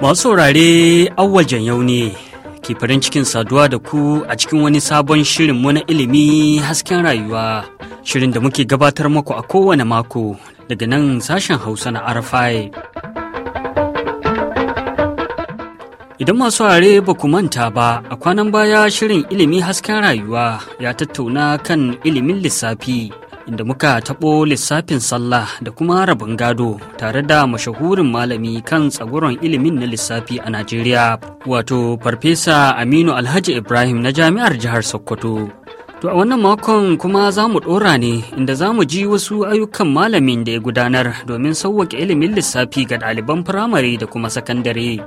Masu saurare awajen yau ne ke farin cikin saduwa da ku a cikin wani sabon shirin muna ilimi hasken rayuwa shirin da muke gabatar maku a kowane mako daga nan sashen hausa na arafai. Idan masu ware ba ku manta ba, a kwanan baya shirin ilimi hasken rayuwa ya tattauna kan ilimin lissafi inda muka taɓo lissafin sallah da kuma rabin gado tare da mashahurin malami kan tsaguron ilimin na lissafi a Najeriya wato Farfesa Aminu Alhaji Ibrahim na Jami'ar Jihar Sokoto. To a wannan makon kuma za mu ɗora ne inda za mu ji wasu ayyukan malamin da ya gudanar domin sauwaƙe ilimin lissafi ga ɗaliban firamare da kuma sakandare.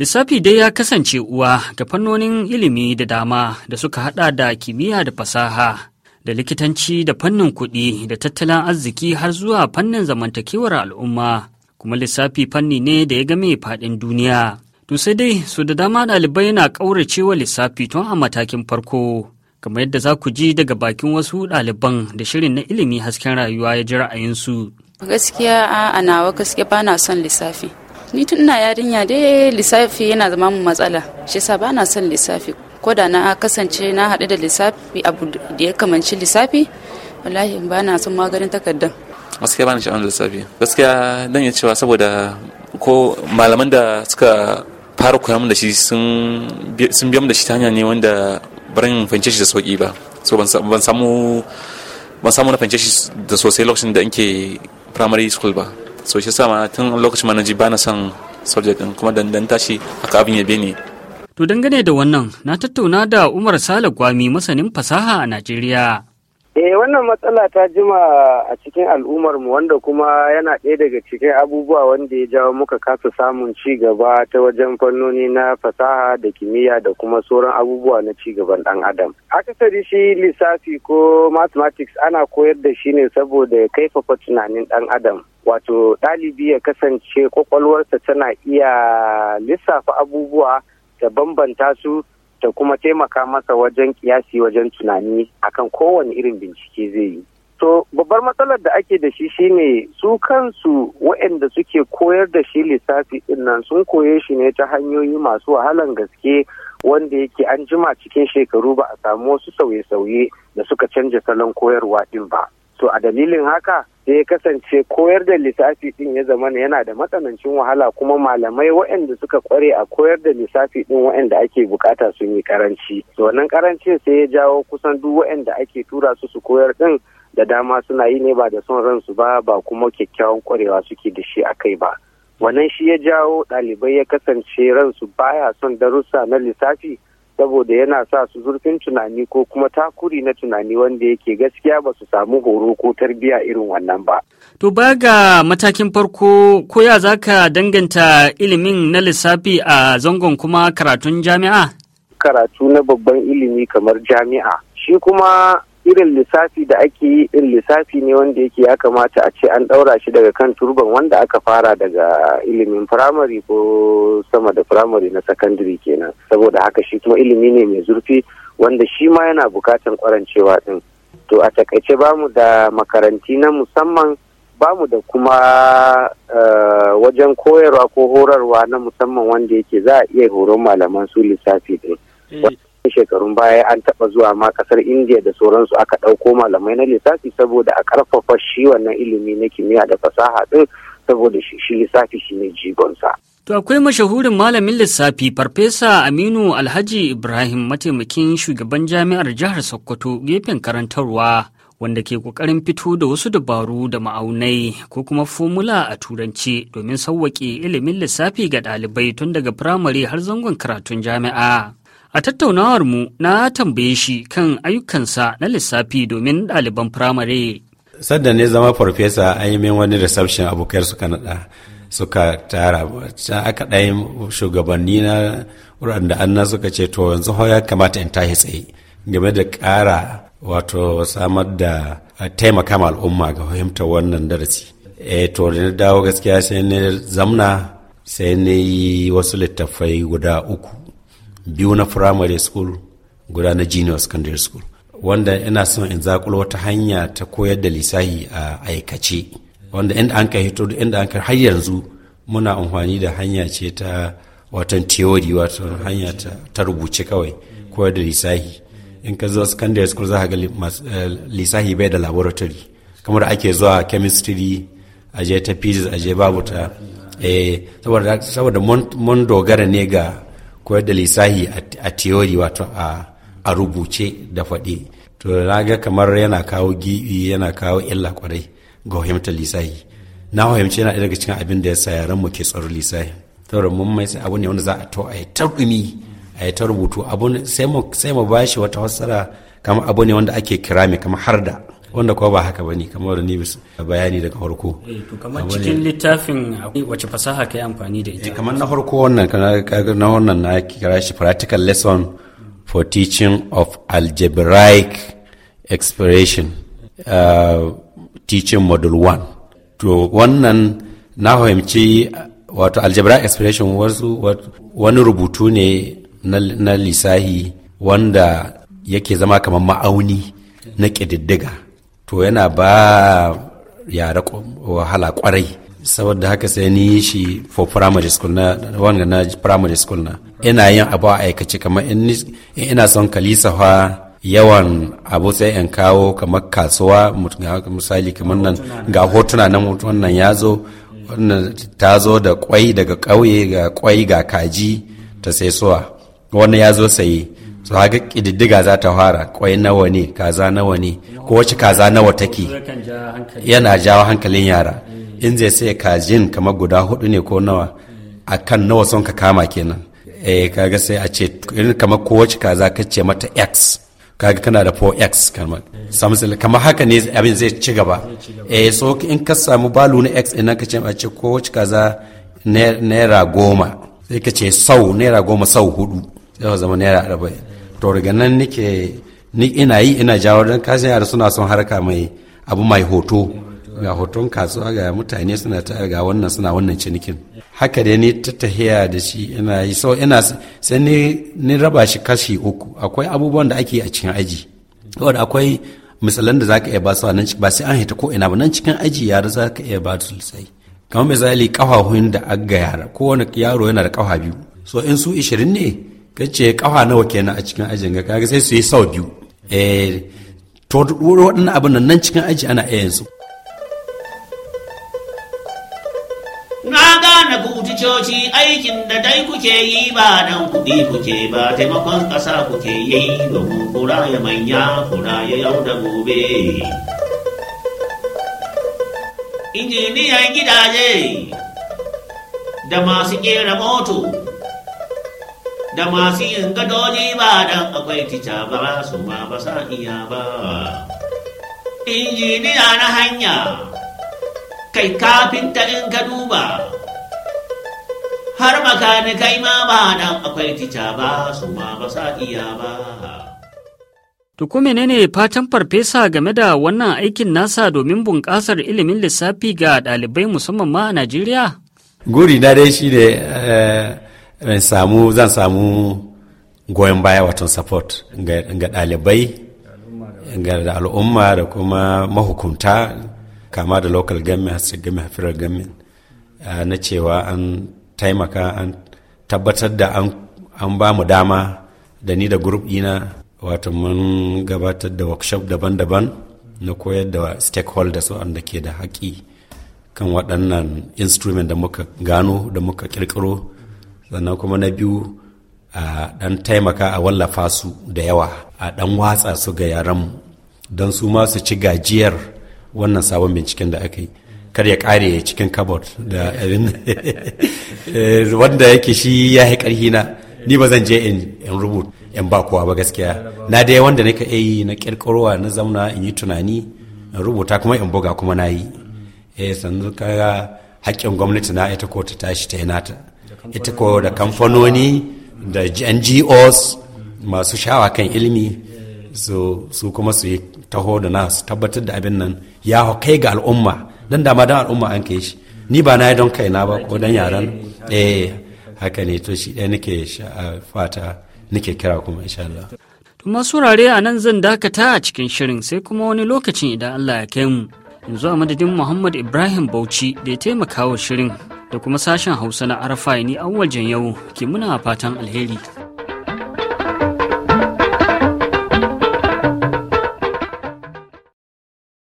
Lissafi dai ya kasance uwa ga fannonin ilimi da dama da suka hada da kimiyya da fasaha, da likitanci da fannin kuɗi da tattalin arziki har zuwa fannin zamantakewar al'umma, kuma lissafi fanni ne da ya game faɗin duniya. To sai dai su da dama ɗalibai na ƙauracewa lissafi tun a matakin farko, kamar yadda za ku ji daga bakin wasu ɗaliban da shirin na ilimi hasken rayuwa ya ji ra'ayinsu. Gaskiya a nawa gaskiya ba na son lissafi. ni tun ina yarinya dai lissafi yana zama mu matsala shi yasa ba na son lissafi ko da na kasance na haɗu da lissafi abu da ya kamanci lissafi wallahi ba na son maganin takardar gaskiya ba na sha'awar lissafi gaskiya dan ya cewa saboda ko malaman da suka fara koya mun da shi sun biya mun da shi ta hanya ne wanda barin fahimce shi da sauki ba so ban samu ban samu na fahimce shi da sosai lokacin da nke primary school ba so shi sa tun lokacin ma na bana son soja din kuma dandan tashi aka abin yabe ne to dangane da wannan na tattauna da Umar Sale Gwami masanin fasaha a Najeriya Eh wannan matsala ta jima a cikin al'ummarmu wanda kuma yana ɗaya daga cikin abubuwa wanda ya jawo muka kasa samun ci gaba ta wajen fannoni na fasaha da kimiyya da kuma sauran abubuwa na ci gaban ɗan adam. Akasari shi lissafi ko mathematics ana koyar da shi ne saboda ya kaifafa tunanin ɗan adam. Wato ɗalibi ya kasance kwakwalwarsa tana iya lissafa abubuwa ta bambanta su ta kuma taimaka masa wajen kiyasi wajen tunani akan kowane irin bincike zai yi. To babbar matsalar da ake da shi shine su kansu waɗanda suke koyar da shi lissafi nan sun koye shi ne ta hanyoyi masu wahalan gaske wanda yake an jima cikin shekaru ba a samu wasu sauye-sauye da suka canja salon koyarwa din ba. to a dalilin haka sai ya kasance koyar da lissafi din ya zama yana da matsanancin wahala kuma malamai waɗanda suka kware a koyar da lissafi din waɗanda ake bukata sun yi karanci to wannan karancin sai ya jawo kusan duk waɗanda ake tura su su koyar din da dama suna yi ne ba da son ransu ba ba kuma kyakkyawan kwarewa suke da shi a kai ba wannan shi ya jawo ɗalibai ya kasance ransu baya son darussa na lissafi saboda yana sa su zurfin tunani ko kuma takuri na tunani wanda yake gaskiya ba su samu horo ko tarbiya irin wannan ba. To ba ga matakin farko ko ya za ka danganta ilimin na lissafi a zangon kuma karatun jami'a? Karatu na babban ilimi kamar jami'a. Shi kuma irin lissafi da ake yi irin lissafi ne wanda yake ya kamata a ce an ɗaura shi daga kan turban wanda aka fara daga ilimin firamare ko sama da firamare na sakandare kenan saboda haka shi kuma ilimi ne mai zurfi wanda shi ma yana bukatan kwarancewa din to a takaice bamu da makaranti na musamman bamu da kuma eh, wajen koyarwa ko horarwa na musamman wanda yake za a iya horon malaman su lissafi din eh, shekarun baya an taɓa zuwa ma kasar indiya da sauransu aka ɗauko malamai na lissafi saboda a ƙarfafa shi wannan ilimi na kimiyya da fasaha ɗin saboda shi lissafi shi ne jigonsa. To akwai mashahurin malamin lissafi Farfesa Aminu Alhaji Ibrahim mataimakin shugaban jami'ar jihar Sokoto gefen karantarwa wanda ke kokarin fito da wasu dabaru da ma'aunai ko kuma fomula a turanci domin sauwaƙe ilimin lissafi ga ɗalibai tun daga firamare har zangon karatun jami'a. A tattaunawar mu na tambaye shi kan ayyukansa na lissafi domin ɗaliban firamare. Sadda ne zama farfesa an yi min wani reception abokai suka naɗa suka tara aka ɗayin shugabanni na an anna suka ce to yanzu ya kamata in tashi tsaye game da ƙara wato samar da taimaka ma al'umma ga fahimtar wannan darasi. E to da na dawo gaskiya sai ne zamna sai ne yi wasu littattafai guda uku biyu na primary school guda na junior secondary school wanda ina son in zakulo wata hanya ta koyar da lissahi a aikace wanda inda an ka hito inda an ka har yanzu muna amfani da hanya ce ta watan theory wato hanya ta rubuce kawai koyar da lissahi in ka zo secondary school za ka ga eh, lissahi bai da laboratory kamar ake zuwa chemistry aje ta physics aje babu ta eh, saboda mun dogara ne ga koyar da lissahi a teori wato a rubuce da faɗi to na ga kamar yana kawo gibi yana kawo illa kwarai ga fahimtar lissahi na fahimci yana daga cikin abin da ya saya yaran mu ke tsaro lissahi saboda mun mai abu ne wanda za a to a yi ta a yi ta rubutu abu sai mu bashi wata fassara kamar abu ne wanda ake kirame kamar har da wanda kuma ba haka bane kamar da ni bayani daga farko eh, to kamar cikin littafin wace fasaha kai amfani da ita eh, kamar na farko wannan na wannan na kira shi practical lesson for teaching of algebraic expression uh, teaching model 1 to wannan na fahimci uh, wato algebraic expression wasu wani rubutu ne na lisahi wanda yake zama kamar ma'auni na ƙididdiga to yana ba yara wahala kwarai saboda haka sai ni yi shi for primary school na wanga na primary school na ina yin abu a aikace kamar in ina son kalisa fa yawan abu sai in kawo kamar kasuwa misali kamar nan ga hotuna na wannan ya zo wannan ta zo da kwai daga ƙauye ga kwai ga kaji ta sai suwa wannan ya zo saye za ga ƙididdiga za ta fara ƙwai nawa ne kaza nawa ne ko wace kaza nawa take yana jawo hankalin yara in zai sai kajin kamar guda hudu ne ko nawa a kan nawa son ka kama kenan eh kaga sai a ce irin kamar ko wace kaza ka ce mata x kaga kana da 4x kamar samsung kamar haka ne abin zai ci gaba eh so in ka samu balu na x ɗin ka ce a ce ko wace kaza naira goma sai ka ce sau naira goma sau hudu zai zama naira arba'in to daga nan nike ni ina yi ina jawo don kasan yara suna son harka mai abu mai hoto ga hoton kasuwa ga mutane suna ta ga wannan suna wannan cinikin haka dai ni ta tahiya da shi ina yi so ina sai ni ni raba shi kashi uku akwai abubuwan da ake a cikin aji wanda akwai misalan da zaka iya ba su nan ba sai an hita ko ina ba nan cikin aji yara zaka iya ba su sai kamar misali kafafun da agga yara kowane yaro yana da kafa biyu so in su 20 ne ka ce kafa nawa kenan a cikin ajin ga kaga sai su yi sau biyu eh to wadannan abin nan cikin aji ana iya su na gane ku coci aikin da dai kuke yi ba dan kuɗi kuke ba taimakon ƙasa kuke yi ba mu kura ya manya kura ya yau da gobe injiniyan gidaje da masu ƙera moto da masu yin gadoji ba dan akwai tica ba su ma ba sa iya ba. Injiniya na hanya, kai ta in ka duba, har makanikai ma ba dan akwai tica ba su ma ba sa iya ba. Tuku menene fatan farfesa game da wannan aikin nasa domin bunƙasar ilimin lissafi ga ɗalibai musamman ma a Najeriya? Guri na dai shi ne eh, in eh, samu zan samu goyon baya watan support ga ɗalibai ga al'umma da kuma mahukunta kama da local government har game federal government ah, na cewa an taimaka an tabbatar da an ba mu dama da ni da group ina wato mun gabatar da workshop daban-daban na koyar da stakeholders wanda ke da haƙi kan waɗannan instrument da muka gano da muka ƙirƙiro sannan kuma na biyu a ɗan taimaka a wallafa su da yawa a ɗan watsa su ga yaranmu don su ma su ci gajiyar wannan sabon binciken da aka yi kar ya ƙare cikin kabot da abin wanda yake shi ya yi ƙarhi na ni ba zan je in rubuta in ba kowa ba gaskiya na dai wanda nika yi na ƙirƙirwa na zamna in yi tunani in rubuta kuma in buga kuma na yi eh sannan kaga haƙƙin gwamnati na ita ko ta tashi ta yi nata ita ko da kamfanoni da ngos masu shawa kan ilimi su kuma su yi taho da na su tabbatar da abin nan ya kai ga al'umma don dama don al'umma an kai shi ni ba na yi don kaina ba ko don yaran eh haka ne to shi ɗaya nake fata nake kira kuma insha Allah. masu surare a nan zan dakata a cikin shirin sai kuma wani lokacin idan Allah ya kai mu yanzu a madadin Muhammad Ibrahim Bauchi da ya taimaka wa shirin da kuma sashen hausa na arafai ni wajen yau ke muna fatan alheri